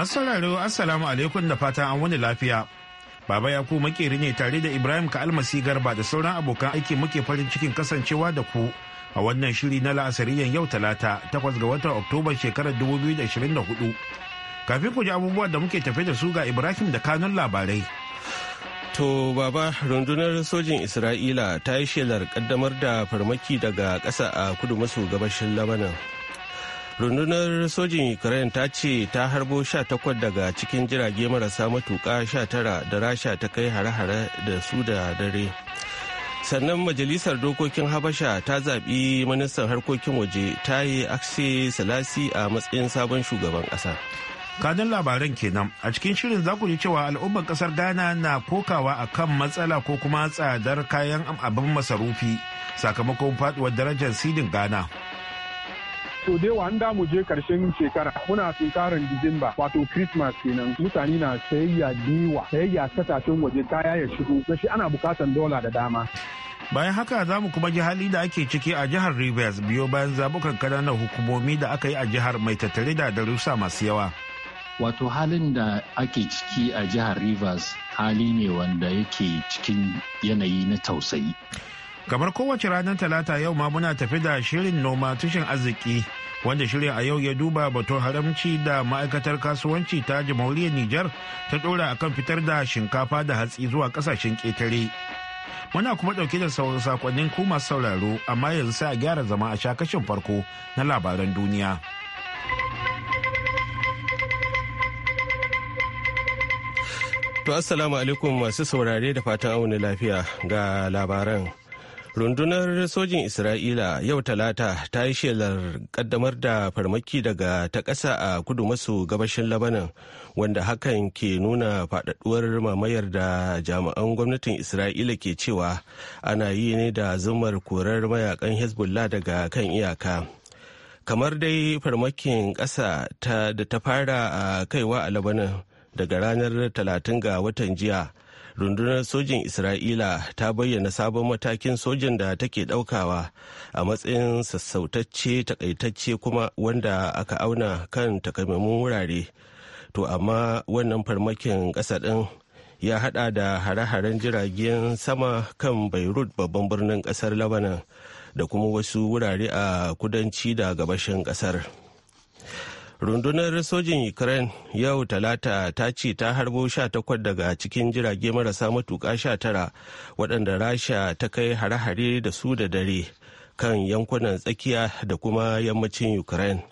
Masu sauraro Assalamu alaikum da fata an wani lafiya. Baba ya ku makeri ne tare da Ibrahim ka almasi garba da sauran abokan aiki muke farin cikin kasancewa da ku a wannan shiri na la'asariyan yau talata takwas ga watan Oktoba shekarar 2024. Kafin ku ji abubuwa da muke tafe da su ga Ibrahim da kanun labarai. To baba rundunar sojin Isra'ila ta yi shelar kaddamar da farmaki daga ƙasa a kudu maso gabashin Labanan. rundunar sojin ukraine ta ce ta harbo sha takwas daga cikin jirage marasa matuƙa tara da rasha ta kai hare-hare da su da dare sannan majalisar dokokin habasha ta zaɓi ministan harkokin waje ta yi akse salasi a matsayin sabon shugaban ƙasa kanin labaran kenan a cikin shirin za ku ji cewa al'ummar kasar ghana na kokawa a kan matsala ko kuma tsadar kayan abin masarufi sakamakon faduwar darajar sidin ghana so dai yawa da mu je karshen shekara muna tunkarar disamba wato christmas kenan mutane na sayayya dewa sayayya kasashen waje kaya ya shigo Na shi ana bukatan dola da dama bayan haka za mu kuma ji hali da ake ciki a jihar rivers biyo bayan zabukan kananan hukumomi da aka yi a jihar mai tattare da darussa masu yawa wato halin da ake ciki a jihar rivers hali ne wanda yake cikin yanayi na tausayi kamar kowace ranar talata yau ma muna tafi da shirin noma tushen arziki wanda shirin a yau ya duba batun haramci da ma'aikatar kasuwanci ta jamhuriyar nijar ta dora akan fitar da shinkafa da hatsi zuwa kasashen ketare muna kuma dauke da sauran sakonnin ku masu sauraro amma yanzu sai a gyara zama a sha kashin farko na labaran duniya To assalamu alaikum masu saurare da fatan auni lafiya ga labaran. rundunar sojin isra'ila yau talata ta yi shelar kaddamar da farmaki daga ta ƙasa a kudu maso gabashin labanan wanda hakan ke nuna faɗaɗuwar mamayar da jami'an gwamnatin isra'ila ke cewa ana yi ne da zumar korar mayakan hezbollah daga kan iyaka kamar dai farmakin ƙasa da ta fara a kaiwa a labanan daga ranar talatin ga watan jiya rundunar sojin isra'ila ta bayyana sabon matakin sojin da take daukawa a matsayin sassautacce takaitacce kuma wanda aka auna kan takamaimun wurare to amma wannan farmakin ƙasa ɗin ya hada da hare-haren jiragen sama kan beirut babban birnin ƙasar lebanon da kuma wasu wurare a kudanci da gabashin ƙasar. rundunar sojin ukraine yau talata ta ce ta harbo 18 daga cikin jirage marasa matuƙa 19 waɗanda rasha ta kai hare-hare da su da dare kan yankunan tsakiya da kuma yammacin ukraine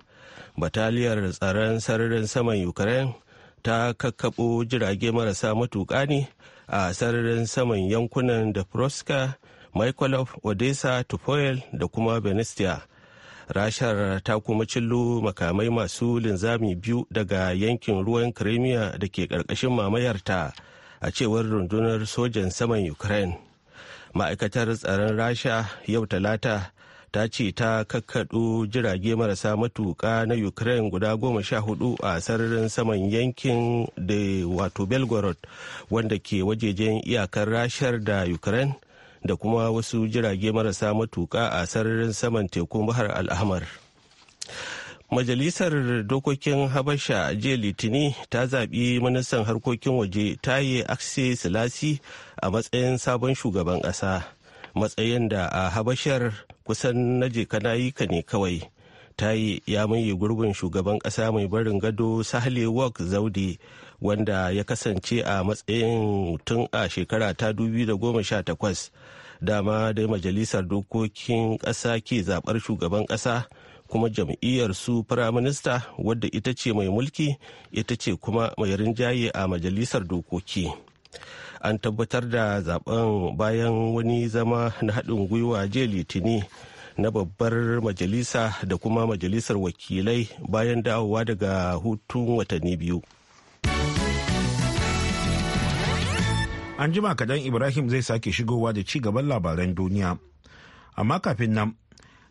bataliyar tsaron sararin saman ukraine ta kakkaɓo jirage marasa matuka ne a sararin saman yankunan da proska mykolov odessa tupoil da kuma benestia rashar ta kuma cillo makamai masu linzami biyu daga yankin ruwan kremiya da ke ƙarƙashin mamayarta a cewar rundunar sojan saman ukraine ma'aikatar tsaron rasha yau talata ta ce ta kakkaɗo jirage marasa matuƙa na ukraine guda goma sha hudu a sararin saman yankin da wato belgorod wanda ke wajejen iyakar rashar da ukraine da kuma wasu jirage marasa matuka a sararin saman tekun bahar al'ahmar majalisar dokokin habasha jiya litini ta zaɓi ministan harkokin waje taye akse silasi a matsayin sabon shugaban ƙasa matsayin da a habashar kusan na ka ne kawai tayi ya maye gurbin shugaban ƙasa mai barin gado sahle wok zaudi wanda ya kasance a matsayin tun a shekara ta 2018 dama dai majalisar dokokin ƙasa ke zaɓar shugaban ƙasa kuma jam'iyyar su firaminista wadda ita ce mai mulki ita ce kuma mai rinjaye a majalisar dokoki an tabbatar da zaben bayan wani zama na haɗin gwiwa jiya litini na babbar majalisa da kuma majalisar wakilai bayan dawowa daga hutun watanni biyu An jima kadan Ibrahim zai sake shigowa da ci gaban labaran duniya. Amma kafin nan,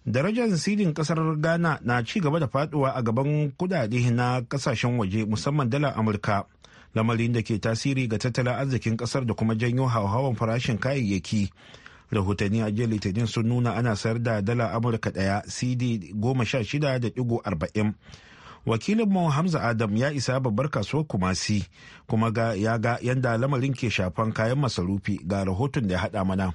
darajar sidin kasar Ghana na ci gaba da faduwa a gaban kudade na kasashen waje musamman dalar Amurka. Lamarin da ke tasiri ga tattalin arzikin kasar da kuma janyo hauhawan farashin kayayyaki. rahotanni a jiya litinin sun nuna ana sayar da dala amurka daya cd goma sha shida da digo arba'in wakilin mu hamza adam ya isa babbar kasuwar kumasi kuma ga ya ga yadda lamarin ke shafan kayan masarufi ga rahoton da ya haɗa mana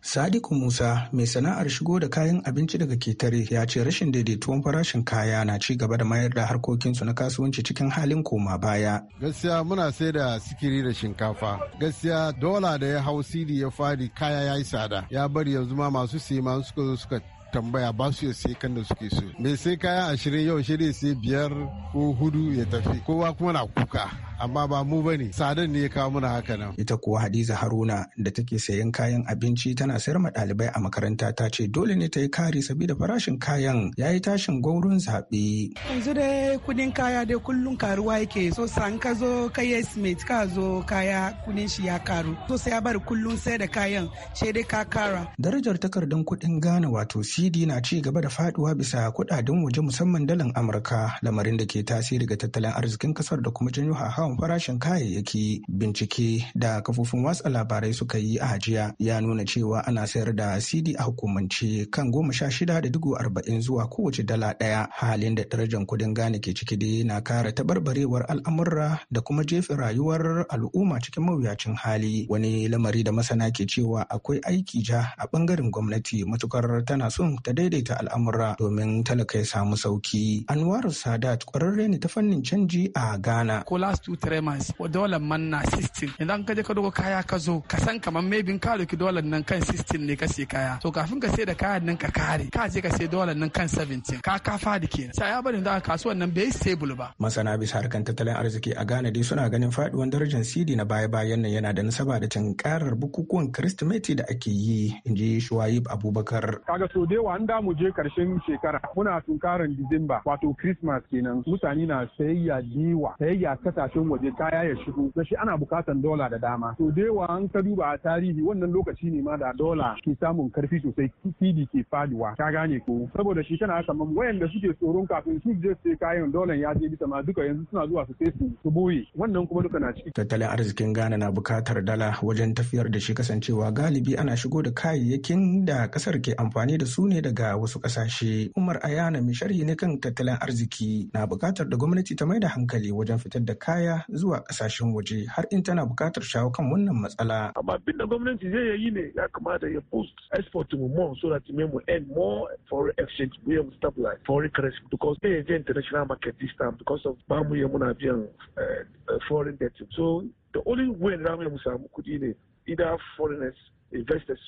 sadiku musa mai sana'ar shigo da kayan abinci daga ketare ya ce rashin daidaituwan farashin kaya na ci gaba da mayar da harkokinsu na kasuwanci cikin halin koma baya gaskiya muna sai da sikiri da shinkafa gaskiya dola da ya hau sidi ya fadi kaya ya yi tsada ya bari yanzu ma masu siye suka zo suka tambaya ba su sai kan da suke so Me sai kaya ashirin yau shi sai biyar ko hudu ya tafi kowa kuma na kuka amma ba mu ba ne sadan ne ya kawo mana haka nan. Ita kuwa Hadiza Haruna da take sayan kayan abinci tana sayar ma ɗalibai a makaranta ta ce dole ne ta yi kari saboda farashin kayan ya yi tashin gwauron zaɓe. Yanzu dai kudin kaya da kullum karuwa yake so san ka zo ka yi estimate ka zo kaya kudin shi ya karu so sai ya bar kullum sai da kayan sai dai ka kara. Darajar takardar kudin gane wato C cedi na ci gaba da faduwa bisa kudaden waje musamman dalan amurka lamarin da ke tasiri ga tattalin arzikin kasar da kuma janyo hawan farashin kayayyaki bincike da kafofin watsa labarai suka yi a hajiya ya nuna cewa ana sayar da cd a hukumance kan goma sha shida da dugu arba'in zuwa kowace dala ɗaya halin da darajar kudin gane ke ciki dai na kara tabarbarewar al'amurra da kuma jefa rayuwar al'umma cikin mawuyacin hali wani lamari da masana ke cewa akwai aiki ja a bangaren gwamnati matukar tana son ta daidaita al'amura domin talaka ya samu sauki. Anwar Sadat kwararre ne ta fannin canji a Ghana. Ko last two three months dollar man na 16. Idan ka je ka dogo kaya ka zo ka san kamar maybe ka doki dollar nan kan 16 ne ka sai kaya. To kafin ka sai da kayan nan ka kare ka je ka sai dollar nan kan 17 ka ka fadi kenan. Sai ya bari da kasuwan nan bai stable ba. Masana bisa harkan tattalin arziki a Ghana dai suna ganin faduwan darajar CD na baya-bayan nan yana da nasaba da tunkarar bukukuwan Kirsimeti da ake yi, in ji Shuwayib Abubakar. Kaga so da cewa an da mu je karshen shekara muna tunkarin Disamba wato Christmas kenan mutane na sayayya dewa sayayya kasashen waje kaya ya shigo da shi ana bukatan dola da dama to dewa an ka duba a tarihi wannan lokaci ne ma da dola ke samun karfi sosai CD ke faduwa ka gane ko saboda shi tana kamar wayanda suke tsoron kafin su je su kayan dolan ya je bisa ma duka yanzu suna zuwa su sai su su boye wannan kuma duka na ciki tattalin arzikin gana na bukatar dala wajen tafiyar da shi kasancewa galibi ana shigo da kayayyakin da kasar ke amfani da su ne daga wasu kasashe, Umar Ayana mai sharhi ne kan tattalin arziki na bukatar da gwamnati ta mai da hankali wajen fitar da kaya zuwa kasashen waje har in tana bukatar shawo kan wannan matsala. Amma abin da gwamnati zai yi ne ya kamata ya boost export mu more so that mu earn more foreign exchange mu mu stabilize foreign currency because they je international market this time because of ba mu muna biyan eh, foreign debt. So the only way na mu samu kudi ne either foreigners investors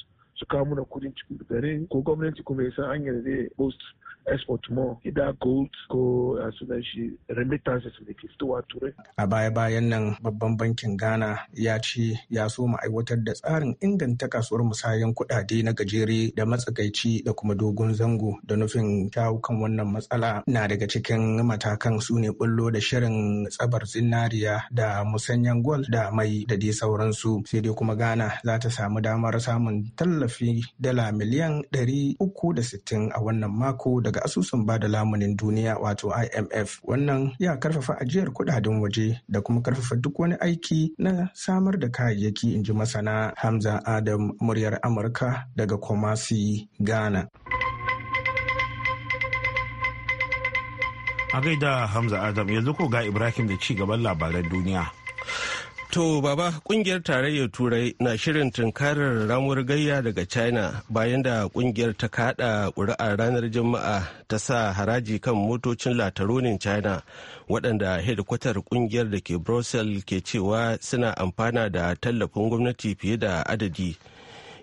su kawo mana kudin cikin gari ko gwamnati kuma ya san hanyar zai boost export more idan gold ko a sunan shi remittances da ke fitowa turai. A baya-bayan nan babban bankin Ghana ya ce ya so mu aiwatar da tsarin inganta kasuwar musayen kuɗaɗe na gajere da matsakaici da kuma dogon zango da nufin shawo kan wannan matsala na daga cikin matakan su ne bullo da shirin tsabar zinariya da musanyen gwal da mai da dai sauransu sai dai kuma Ghana za ta samu damar samun tallafi tallafi dala miliyan 360 a wannan mako daga asusun bada lamunin duniya wato IMF. Wannan ya karfafa ajiyar kudaden waje da kuma karfafa duk wani aiki na samar da kayayyaki inji masana Hamza Adam muryar Amurka daga Kumasi, Ghana. A gaida Hamza Adam yanzu ko ga Ibrahim da ci gaban labaran duniya. To baba kungiyar tarayyar turai na shirin tunkarar ramuwar gayya daga china bayan da kungiyar ta kada ƙuri'a ranar juma'a ta sa haraji kan motocin lataronin china waɗanda hedikwatar kungiyar da ke brussels ke cewa suna amfana da tallafin gwamnati fiye da adadi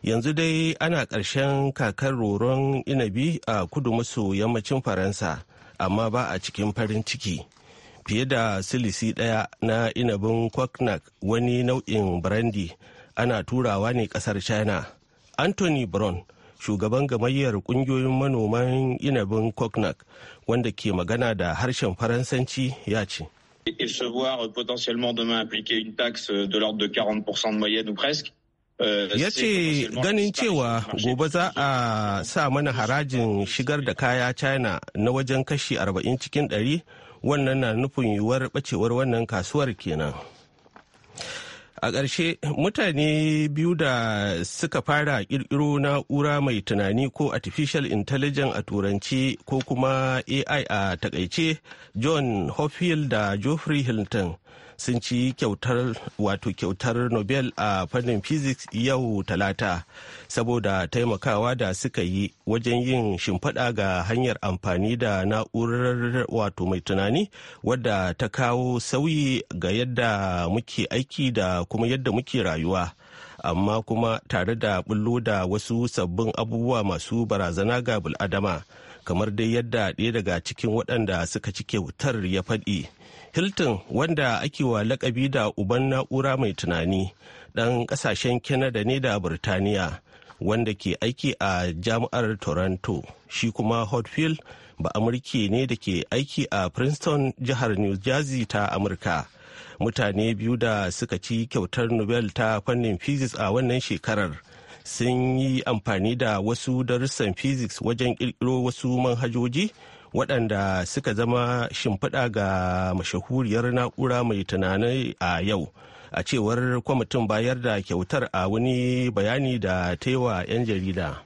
yanzu dai ana ƙarshen kakar roron inabi a kudu maso yammacin faransa amma ba a cikin farin ciki. fiye da silisi ɗaya na inabin kwaknak wani nau'in brandy ana turawa ne ƙasar china anthony brown shugaban gamayyar kungiyoyin manoman inabin koknak wanda ke magana da harshen faransanci ya ce ya ce ganin cewa gobe za a sa mana harajin shigar da kaya china na wajen kashi 40 cikin ɗari. wannan na nufin yiwuwar bacewar wannan kasuwar kenan a ƙarshe mutane biyu da suka fara ƙirƙiro na'ura mai tunani ko artificial intelligence a turanci ko kuma ai a takaice john hopfield da geoffrey hilton sun ci kyautar wato kyautar nobel a fannin physics yau talata saboda taimakawa da suka yi wajen yin shimfiɗa ga hanyar amfani da na'urar wato mai tunani wadda ta kawo sauyi ga yadda muke aiki da kuma yadda muke rayuwa amma kuma tare da bullo da wasu sabbin abubuwa masu barazana ga bul'adama kamar dai yadda ɗaya daga cikin waɗanda suka ci kyautar ya faɗi hilton wanda ake wa lakabi da uban na'ura mai tunani ɗan ƙasashen canada ne da birtaniya wanda ke aiki a jami'ar toronto shi kuma hotfield ba amurki ne da ke aiki a princeton jihar new jersey ta amurka mutane biyu da suka ci kyautar nobel ta fannin physics a wannan shekarar sun yi amfani da wasu darussan physics wajen kirkiro wasu manhajoji waɗanda suka zama shimfiɗa ga mashahuriyar na'ura mai tunani a yau a cewar kwamitin bayar da kyautar a wani bayani da ta wa 'yan jarida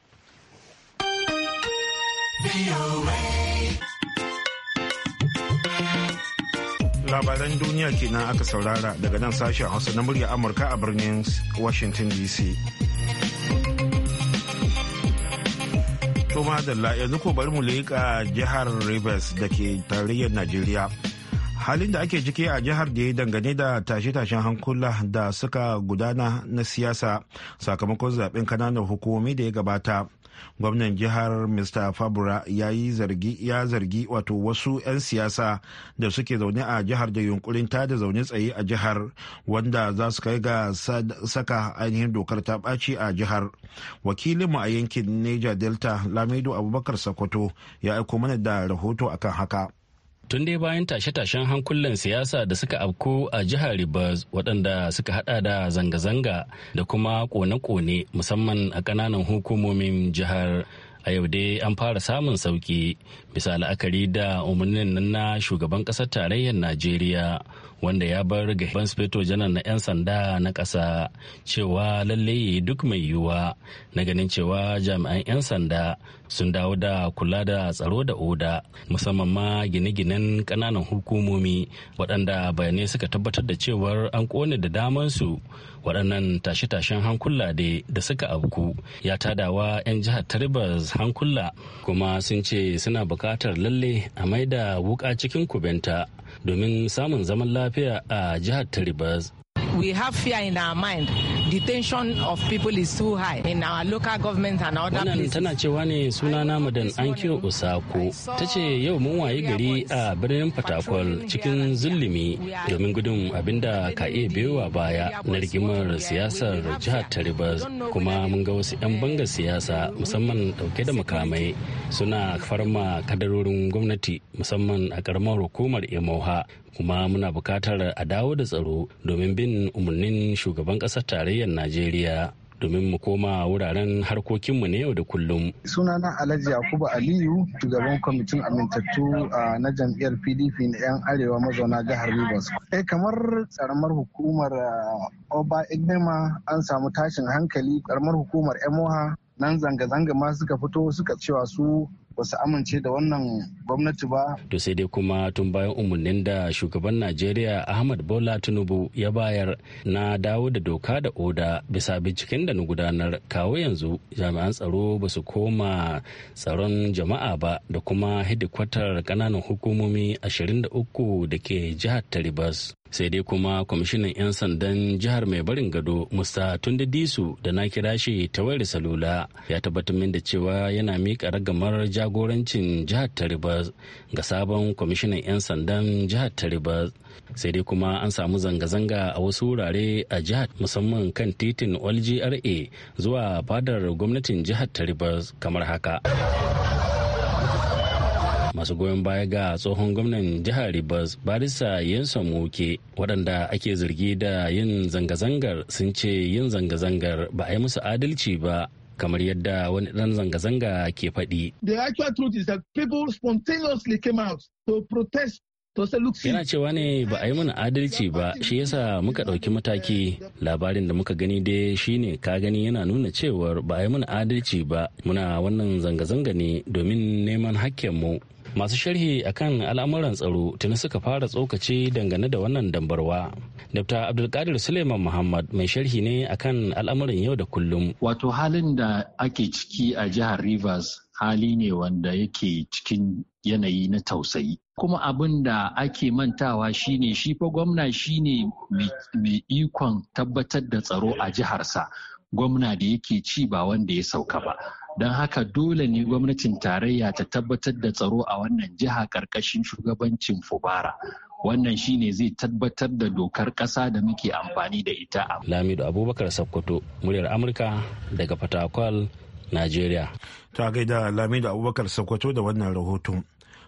labaran duniya kenan aka saurara daga nan sashen hausa na murya amurka a birnin washington dc To madalla yanzu ko bari mu leƙa jihar Rivers da ke tarayyar Najeriya. Halin da ake ciki a jihar da ya dangane da tashe-tashen hankula da suka gudana na siyasa sakamakon zaben kananan hukumomi da ya gabata gwamnan jihar mr fabra ya yi zargi ya zargi wato wasu 'yan siyasa da suke zaune a jihar da yunkurin ta da zaune tsaye a jihar wanda za su kai ga saka ainihin dokar ta ɓaci a jihar wakilin mu a yankin neja delta lamido abubakar sokoto ya aiko mana da rahoto akan haka tun dai bayan tashe-tashen hankulan siyasa da suka afku a jihar Rivers waɗanda suka hada da zanga-zanga da kuma kone-kone musamman a ƙananan hukumomin jihar a yau dai an fara samun sauki bisa la'akari da umarnin nan na shugaban ƙasar tarayyar Najeriya wanda ya bar ga inspector janar na 'yan sanda na ƙasa cewa lalle duk mai yiwuwa na ganin cewa jami'an 'yan sanda sun dawo da kula da tsaro da oda musamman ma gine-ginen ƙananan hukumomi waɗanda bayanai suka tabbatar da cewar an kone da damansu waɗannan tashe-tashen hankula da suka abku ya tadawa 'yan jihar taribas hankula kuma sun ce suna buƙatar lalle a maida wuƙa cikin kubenta domin samun zaman lafiya a jihar taribas we have fear in our mind the tension of people is too high in our local government and other Wannan tana cewa ne suna na madan Ankiyo Osako. Ta ce yau mun waye gari a birnin Fatakwal cikin zulumi domin gudun abinda ka iya biyowa baya na rigimar siyasar jihar ta kuma mun ga wasu 'yan bangar siyasa musamman dauke da makamai suna farma kadarorin gwamnati musamman a karamar hukumar Emoha kuma muna bukatar a dawo da tsaro domin bin umarnin shugaban ƙasar tarayyar najeriya domin mu koma wuraren harkokinmu na yau da kullum. Sunana Alhaji Yakubu Aliyu, shugaban kwamitin amintattu na jam'iyyar PDP na 'yan arewa mazauna jihar Rivers. Eh kamar tsaramar hukumar Oba Ignema an samu tashin hankali, karamar hukumar Emoha nan zanga-zanga ma suka fito suka cewa su ba su amince da wannan gwamnati ba. To sai dai kuma tun bayan umarnin da shugaban Najeriya Ahmad Bola Tinubu ya bayar na dawo da doka da oda bisa binciken da na gudanar kawo yanzu jami'an tsaro ba su koma tsaron jama'a ba da kuma hidikwatar kananan hukumomi 23 da ke jihar Taribas. sai dai kuma kwamishinan 'yan sandan jihar mai barin gado musta da disu da na kira shi ta wayar salula ya tabbatar min da cewa yana miƙa ragamar jagorancin jihar ribas ga sabon kwamishinan 'yan sandan jihar ribas sai dai kuma an samu zanga-zanga a wasu wurare a jihar musamman kan titin olgra zuwa fadar gwamnatin jihar ribas kamar haka masu goyon baya ga tsohon gwamnan jihar Rivers Barisa yansa muke waɗanda ake zargi da yin zanga-zangar sun ce yin zanga-zangar ba a yi musu adalci ba kamar yadda wani ɗan zanga-zanga ke faɗi. The actual truth is that people spontaneously came out to protest Yana cewa ne ba a yi mana adalci ba shi yasa muka ɗauki mataki labarin da muka gani dai shine ka gani yana nuna cewar ba a yi mana adalci ba muna wannan zanga-zanga ne domin neman mu. masu sharhi akan al'amuran tsaro tuni suka fara tsokaci dangane da wannan dambarwa dr abdulkadir suleiman muhammad mai sharhi ne akan al'amuran yau da kullum wato halin da ake ciki a jihar rivers hali ne wanda yake cikin yanayi na tausayi kuma abin da ake mantawa shine shi fa gwamna shine mai ikon tabbatar da tsaro a jiharsa gwamna da yake ci ba wanda ya sauka ba don haka dole ne gwamnatin tarayya ta tabbatar da tsaro a wannan jiha karkashin shugabancin fubara wannan shine zai tabbatar da dokar kasa da muke amfani da ita a lamido abubakar sakkwato muryar amurka daga fatakwal nigeria ta gaida lamido abubakar sakkwato da wannan rahoto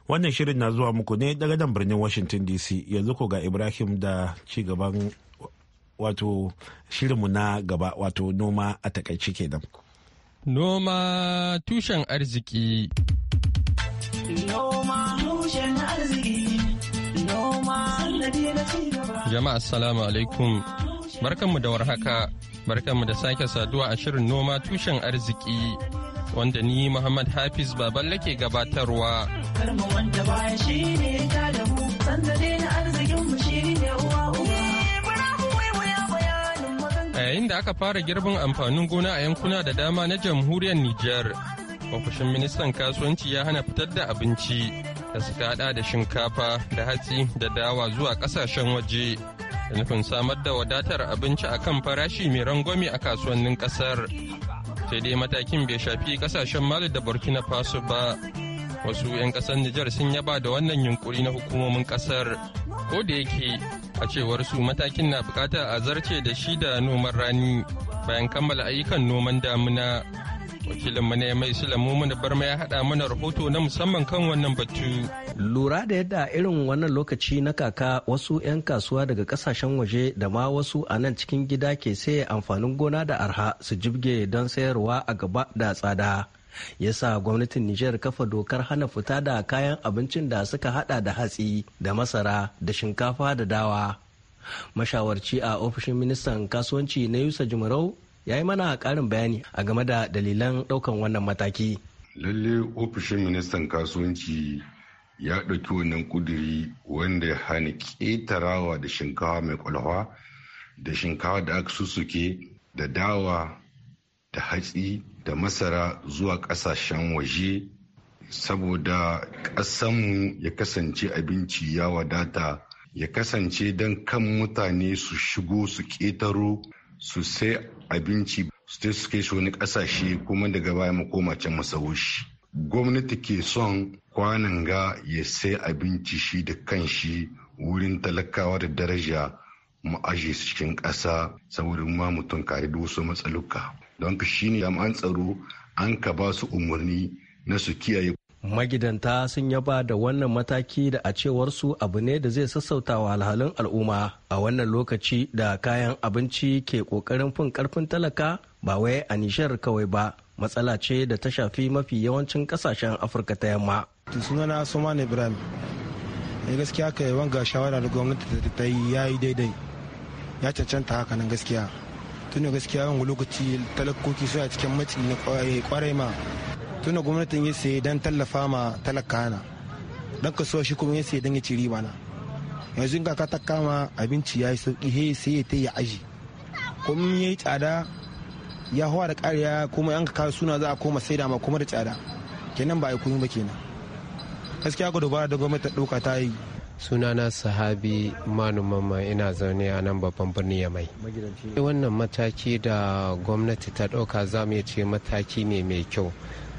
wannan shirin na zuwa muku ne daga nan birnin washington dc yanzu ko ga ibrahim da gaban wato shirinmu na gaba wato noma a takaice kenan. Noma tushen arziki. Noma tushen arziki. Noma Jama'a salamu alaikum. Barkanmu da warhaka. Barkanmu da sake saduwa a shirin noma tushen arziki. Wanda ni Muhammad Hafiz baban lake gabatarwa. Karmu wanda baya shi ne ta da mu, sanda na arzikin shi ne uwa. a yayin da aka fara girbin amfanin gona a yankuna da dama na jamhuriyar Nijar. Ofishin ministan kasuwanci ya hana fitar da abinci da suka hada da shinkafa da hatsi da dawa zuwa kasashen waje da nufin samar da wadatar abinci a kan farashi mai rangwame a kasuwannin kasar. Sai dai matakin bai shafi kasashen Mali da Burkina Faso ba. Wasu 'yan kasar Nijar sun yaba da wannan yunkuri na hukumomin kasar. Ko da yake a cewar su matakin na bukata a zarce da shi da noman rani bayan kammala ayyukan noman damuna wakilinmu ne mai silamu mana barma ya haɗa mana rahoto na musamman kan wannan batu lura da yadda irin wannan lokaci na kaka wasu 'yan kasuwa daga kasashen waje da ma wasu a nan cikin gida ke saye amfanin gona da arha su jibge don sayarwa a gaba da tsada ya sa gwamnatin Nijar kafa dokar hana fita da kayan abincin da suka hada da hatsi da masara da shinkafa da dawa. Mashawarci a ofishin ministan kasuwanci na Yusa Jumarau ya yi mana karin bayani a game da dalilan daukan wannan mataki. Lalle ofishin ministan kasuwanci ya ɗauki wannan kuduri wanda ya hana ƙetarawa da shinkawa mai kwalhwa da shinkawa da aka susuke da dawa da hatsi da masara zuwa kasashen waje saboda ƙasanmu ya kasance abinci ya wadata ya kasance don kan mutane su shigo su ƙetaro su sai abinci su ta suke shi wani ƙasashe kuma daga baya mu koma mu masawo shi gwamnati ke son kwanan ga ya sai abinci shi da kanshi wurin talakawa da daraja mu aje cikin ƙasa saboda ma mutum kare da wasu matsaluka don shi ne jami'an tsaro an ka ba su umarni na su kiyaye magidanta sun yaba da wannan mataki da a cewar su abu ne da zai sassauta wa alhalin al'umma a wannan lokaci da kayan abinci ke kokarin fin karfin talaka ba wai a nishar kawai ba matsala ce da ta shafi mafi yawancin kasashen afirka ta yamma sunana soman ibrahim eh, gaskiya ka wanga shawara da gwamnati ta yi yi daidai ya cancanta haka nan gaskiya tuna gaskiya wani lokaci talakoki suna cikin matsi na kwarai ma tuna gwamnatin ya saye don tallafa ma talaka hana. don kasuwa shi kuma ya saye don ya ci riba yanzu ga kaka ta kama abinci ya yi sauki he sai ya ta yi aji kuma ya yi tsada ya hawa da kariya kuma yan kawo suna za a koma saida ma kuma da tsada kenan ba a yi kuyi ba kenan gaskiya ga dubara da gwamnati ta ɗauka ta yi sunana sahabi manu mamman ina zaune a nan babban birnin yamai wannan mataki da gwamnati ta ɗauka za mu ce mataki ne mai kyau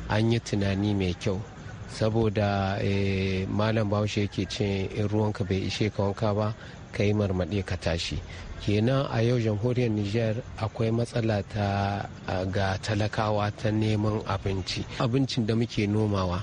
an yi tunani mai kyau saboda eh, malam bahaushe yake ce in ruwanka bai ishe ka wanka ba ka yi marmaɗe ka tashi kenan a yau jamhuriyar niger akwai matsala ta ga talakawa ta neman abinci abincin da muke nomawa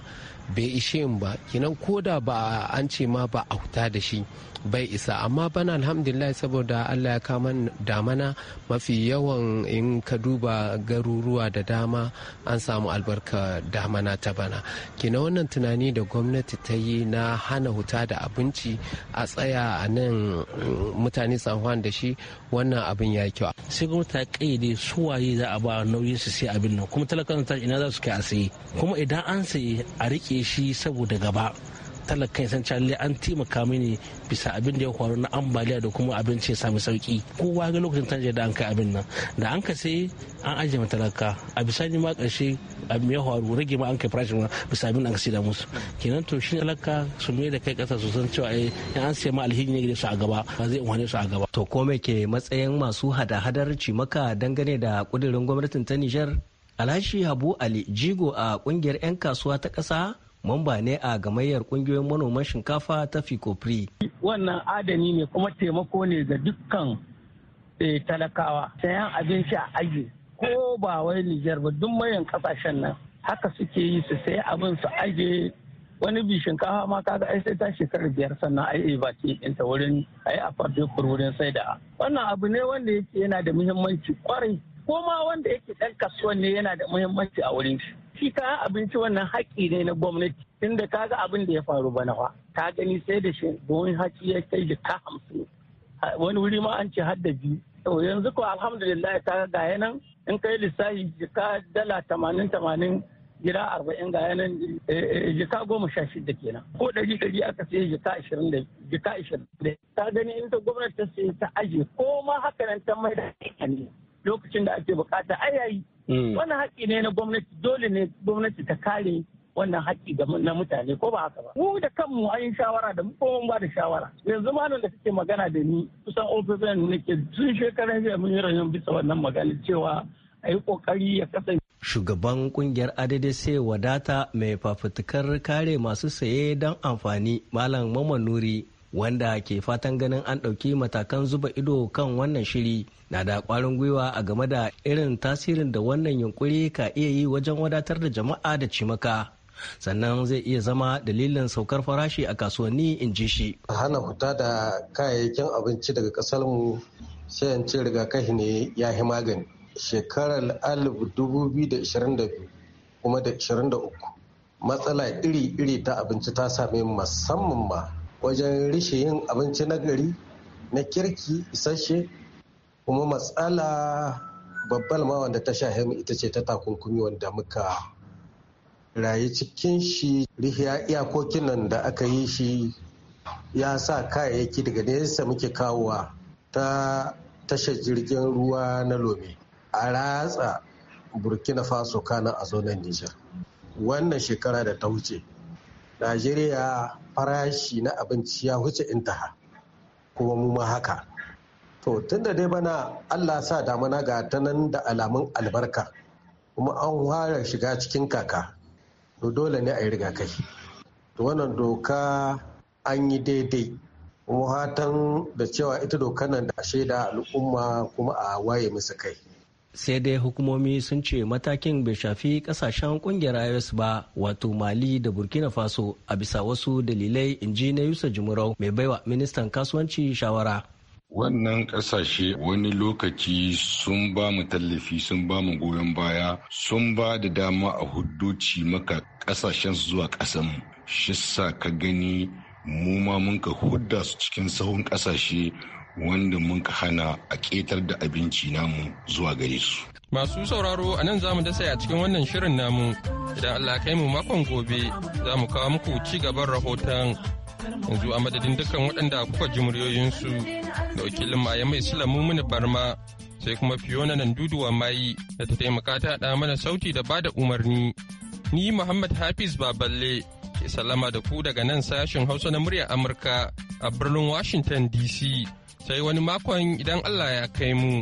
bai ishe mu ba kinan koda ba an ce ma ba a huta da shi bai isa amma bana alhamdulillah saboda allah ya kama damana mafi yawan in ka duba garuruwa da dama an samu albarka damana ta bana kina wannan tunani da gwamnati ta yi na hana huta da abinci a tsaya a nan mm, mutane san da shi wannan abin ya kyau sai kuma ta su suwaye za a ba nauyin su sai abin nan kuma talakan ina za su kai a saye kuma idan an saye a rike shi saboda gaba talakan san cewa an taimaka mini bisa abin da ya faru na ambaliya da kuma abinci ya sami sauki kowa ga lokacin tanje da an kai abin nan da an ka sai an ajiye ma talaka a bisa ni ma karshe abin ya faru rage ma an kai farashin ma bisa abin da an da musu kenan to shi talaka su mai da kai kasa su san cewa eh an sai ma alheri ne gare su a gaba ba zai umarne su a gaba to ko ke matsayin masu hada-hadar cimaka dangane da kudirin gwamnatin ta Nijar Alhaji Habu Ali Jigo a kungiyar 'yan kasuwa ta kasa. mamba ne a gamayyar kungiyoyin manoman shinkafa ta fikofri wannan adani ne kuma taimako ne ga dukkan eh, talakawa sayan abinci a aji ko ba wai nijar ba duk mayan kasashen nan haka suke yi su sai abin su ajiye wani bi shinkafa ma kaga ai sai ta shekarar biyar sannan ai ba ce inta wurin ai a farfekur wurin sai da wannan abu ne wanda yake yana da muhimmanci kwarai ko ma wanda yake dan kasuwan ne yana da muhimmanci a wurin shi shi ka abinci wannan haƙƙi ne na gwamnati Inda ka ga abin da ya faru bana fa ta gani sai da shi domin haƙƙi ya kai ka hamsin wani wuri ma an ce har da biyu yanzu ko alhamdulillah ta ga yanan in kai lissafi jika dala tamanin tamanin gida arba'in ga yanan eh, eh, jika goma sha shida kenan ko ɗari ɗari aka sai jika ashirin da jika ashirin da ta gani in ta gwamnati ta sai ta aje ko ma haka nan ta mai da ne lokacin da ake bukata a yayi hmm. wannan haƙƙi ne na gwamnati dole ne gwamnati ta kare wannan haƙƙi ga na mutane ko ba haka ba mu da kanmu an yi shawara da mu ba da shawara yanzu malam da kake magana da ni kusan ofisar nake sun shekaran jiya mun yi rayuwar bisa wannan magana cewa a yi kokari ya kasance shugaban kungiyar sai wadata mai fafutukar kare masu saye don amfani malam mamanuri wanda ke fatan ganin an ɗauki matakan zuba ido kan wannan shiri na da kwarin gwiwa a game da irin tasirin da wannan yunkuri ka iya yi wajen wadatar da jama'a da cimaka sannan zai iya zama dalilin saukar farashi a kasuwanni in ji shi hana fita da kayayyakin abinci daga kasar mu sai in ce rigakafi ne ya yi magani shekarar 2022 kuma da 23 matsala iri-iri ta abinci ta same musamman ma wajen rishe yin abinci na gari na kirki isasshe kuma matsala babbar ma wanda ta shahe mu ita ce ta takunkumi wanda muka rayu cikin shi rihiya iyakokin nan da aka yi shi ya sa kayayyaki daga nesa muke kawowa ta tashar jirgin ruwa na lome a ratsa burkina faso kana a zonar nijar wannan shekara da ta wuce najeriya farashi na abinci ya wuce intaha kuma mu ma haka to da dai bana allah sa damana ga ta nan da alamun albarka kuma an fara shiga cikin kaka to dole ne a yi riga kai to wannan doka an yi daidai kuma hatan da cewa ita dokar nan da shaida al'umma kuma a waye musu kai sai dai hukumomi sun ce matakin bai shafi kasashen kungiyar ios ba wato mali da burkina faso a bisa wasu dalilai inji na yusa jimurau mai baiwa ministan kasuwanci shawara Wannan ƙasashe wani lokaci sun ba mu tallafi sun ba mu goyon baya sun ba da dama a hudduci maka su zuwa kasan Shissa ka gani mu ma mun ka hudda su cikin sahun ƙasashe wanda mun ka hana a ƙetar da abinci namu zuwa gare su. Masu sauraro a nan zamu dasa a cikin wannan shirin namu idan Allah kai mu makon gobe za mu kawo muku ci gaban rahoton yanzu a madadin dukkan waɗanda kuka ji muryoyinsu da wakilin maye mai sulamu mini barma sai kuma fiona nan duduwa mayi da ta taimaka ta haɗa mana sauti da bada umarni ni muhammad hafiz baballe ke salama da ku daga nan sashen hausa na muryar amurka a birnin washington dc sai wani makon idan allah ya kai mu.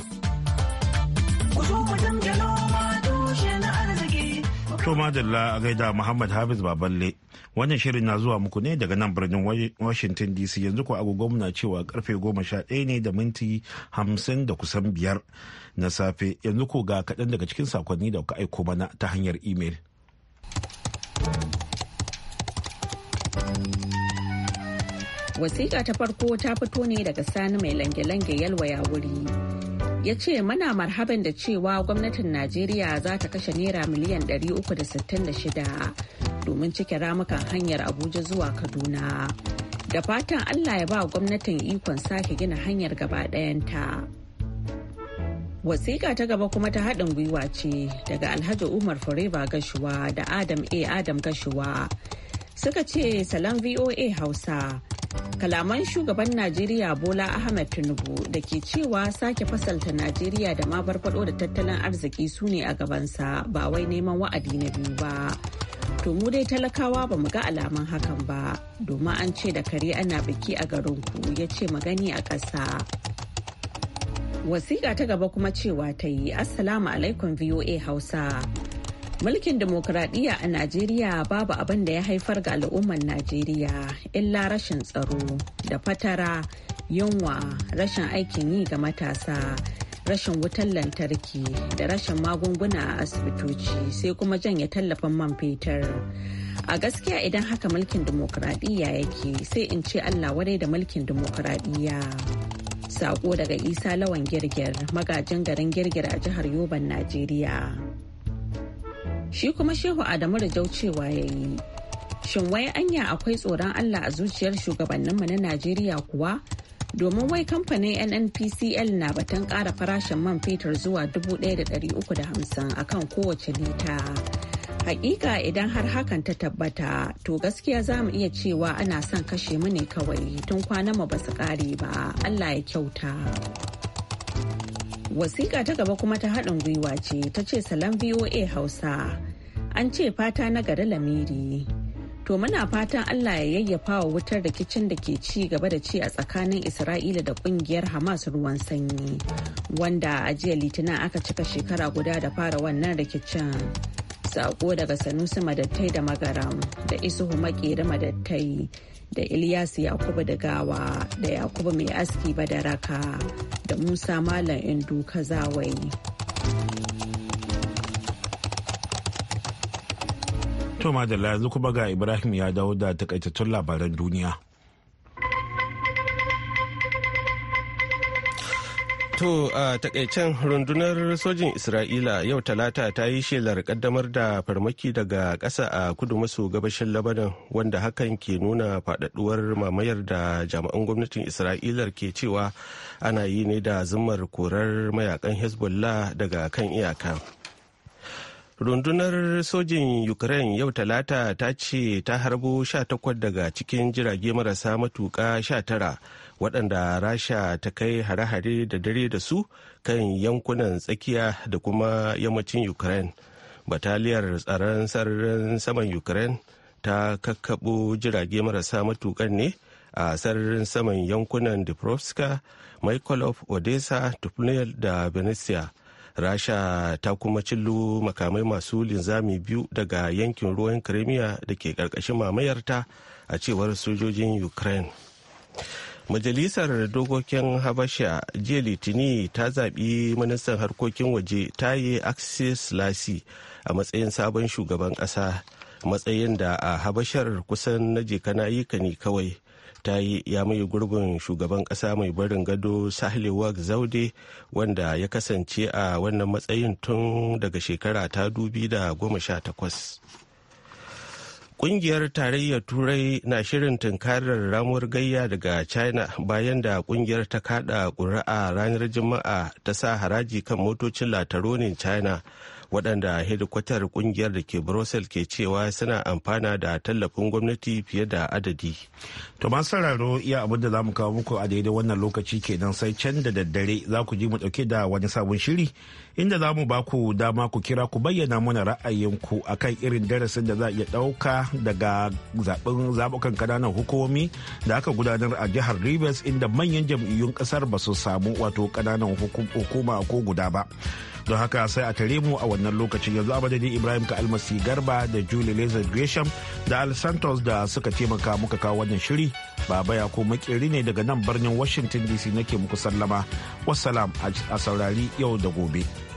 To madalla a gaida Muhammad Hafiz Baballe wannan shirin na zuwa muku ne daga nan birnin Washington DC yanzu ko agogo muna cewa karfe ɗaya ne da minti 50 da kusan biyar na safe yanzu ko ga kaɗan daga cikin sakonni da kuka aiko mana ta hanyar imel. Wasiƙa ta farko ta fito ne daga sani mai lange-lange yalwaya wuri. ya ce mana marhaban da cewa gwamnatin najeriya za ta kashe naira miliyan 366 domin cike ramukan hanyar abuja zuwa kaduna da fatan allah ya ba gwamnatin ikon sake gina hanyar gaba ɗayanta wasiƙa ta gaba kuma ta haɗin gwiwa ce daga alhaji umar Foreba gashuwa da adam a adam gashuwa suka ce Salon voa hausa Kalaman shugaban Najeriya Bola Ahmed Tinubu da ke cewa sake fasalta Najeriya da ma farfado da tattalin arziki su ne a gabansa ba wai neman wa'adi na biyu ba. To mu dai talakawa ba mu ga alaman hakan ba, domin an ce da kare ana biki a garinku ya ce magani a ƙasa. wasiƙa ta gaba kuma cewa ta yi assalamu alaikum voa hausa mulkin demokuraɗiyya a najeriya babu abin da ya haifar ga al'ummar najeriya illa rashin tsaro da fatara yunwa rashin aikin yi ga matasa rashin wutar lantarki da rashin magunguna a asibitoci sai kuma janye tallafin man fetur a gaskiya idan haka mulkin demokuraɗiyya yake sai in ce allah wadai da mulkin demokuraɗiyya sako daga isa lawan girgir magajin garin girgir a jihar yoban najeriya Shi kuma Shehu Adamu da cewa ya yi. Shin wai anya akwai tsoron Allah a zuciyar shugabanninmu na Najeriya kuwa? Domin wai kamfanin NNPCL na batun ƙara farashin man fetur zuwa 1,350 akan kowace lita. Hakika idan har hakan ta tabbata, to gaskiya za mu iya cewa ana son kashe mu ne kawai tun kwana mu ba su kare ba, Allah ya kyauta. Wasiƙa ta gaba kuma ta haɗin gwiwa ce ta ce salam VOA Hausa. An ce fata na gari lamiri. To muna fatan Allah ya yayyafa wa wutar rikicin da ke ci gaba da ci a tsakanin Isra'ila da kungiyar Hamas ruwan sanyi. Wanda a jiya litinin aka cika shekara guda da fara wannan rikicin. Sako daga Sanusi Madattai da Magaram da Isuhu Makera Madattai da Ilyasu Yakubu da Gawa da Yakubu Mai Aski Badaraka. raka. da Musa Malam Indu Kazawai. To da yanzu kuma ga Ibrahim ya dawo da takaitattun labaran duniya. To a takaicen rundunar sojin Isra'ila yau talata ta yi shelar kaddamar da farmaki daga ƙasa a kudu maso gabashin Labanan wanda hakan ke nuna faɗaɗuwar mamayar da jami'an gwamnatin Isra'ilar ke cewa ana yi ne da zumar korar mayakan Hezbollah daga kan iyaka. rundunar sojin ukraine yau talata ta ce ta harbo 18 daga cikin jirage marasa matuka 19 waɗanda rasha ta kai hare-hare da dare da su kan yankunan tsakiya da kuma yammacin ukraine bataliyar tsaron sararin saman ukraine ta kakkaɓo jirage marasa matukan ne a sararin saman yankunan dubrovska maikolov odessa tupnel da venetia rasha ta kuma cillo makamai masu linzami biyu daga yankin ruwan kremiya da ke ƙarƙashin mamayarta a cewar sojojin ukraine majalisar dokokin habasha jiya litini ta zaɓi ministan harkokin waje taye axis lasi a matsayin sabon shugaban ƙasa matsayin da a habashar kusan na jekana yi ne kawai ta yi ya mai gurbin shugaban ƙasa mai barin gado sahlewak zaude wanda ya kasance a wannan matsayin tun daga shekara ta dubi da goma sha takwas. Ƙungiyar tarayyar Turai na shirin tunkarar ramuwar gayya daga China bayan da ƙungiyar ta kada ƙuri'a ranar Juma'a ta sa haraji kan motocin lataronin China waɗanda hedikwatar kungiyar da ke brussels ke cewa suna amfana da tallafin gwamnati fiye da adadi to masu sauraro iya abin da za mu kawo muku a daidai wannan lokaci kenan sai can da daddare za ku ji mu ɗauke da wani sabon shiri inda za mu ba ku dama ku kira ku bayyana mana ra'ayinku akan irin darasin da za a iya ɗauka daga zaɓen zaɓukan kananan hukumomi da aka gudanar a jihar rivers inda manyan jam'iyyun ƙasar ba su samu wato kananan hukuma ko guda ba don haka sai a tare mu a wannan lokacin yanzu abadadin ibrahim ka almasi garba da julie lazar gresham da al santos da suka taimaka muka kawo wannan shiri baba ya ko makeri ne daga nan birnin washington dc nake muku sallama wassalam a saurari yau da gobe.